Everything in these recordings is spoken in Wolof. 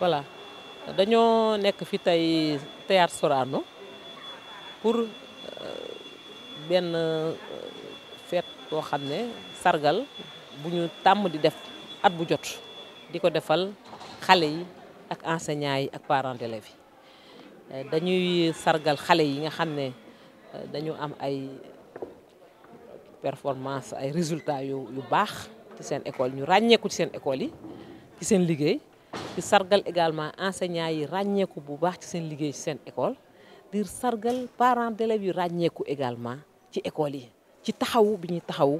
voilà dañoo nekk fi tey Théâtre soraanu pour euh, benn euh, fête boo xam ne sargal bu ñu tàmm di def at bu jot di ko defal xale yi ak enseignants yi ak parents d'élèves yi euh, dañuy sargal xale yi nga xam ne dañu am ay performance ay résultats yu yu baax ci seen école ñu ràññeeku ci seen école yi ci seen liggéey di sargal également enseignants yi ràññeeku bu baax ci seen liggéey ci seen école di sargal parent d'élèves yu ràññeeku également ci école yi ci taxawu bi ñuy taxawu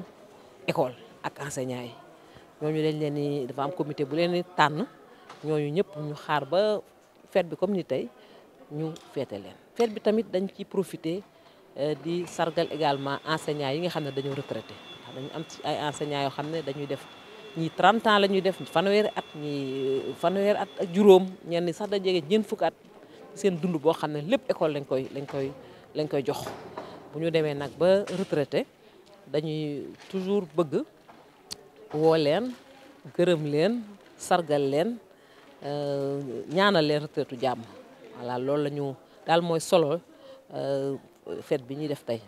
école ak enseignants yi ñooñu dañ leen ni dafa am comité bu leen tànn ñooñu ñëpp ñu xaar ba fête bi comme ni tey ñu féete leen fête bi tamit dañ ci profiter Euh, di sargal également enseignants yi nga xam ne dañoo retraité ndax dañu am ay enseignants yoo xam ne dañuy def ñii 30 ans la ñuy def fanweeri at ñii euh, fanweeri at ak juróom ñenn sax da jege ñeent fukk at seen dund boo xam ne lépp école lañ koy lañ koy lañ koy jox bu ñu demee nag ba retraité dañuy toujours bëgg woo leen gërëm leen sargal leen euh, ñaanal leen retraitu jàmm voilà loolu la daal mooy solo fête bi ñuy def tey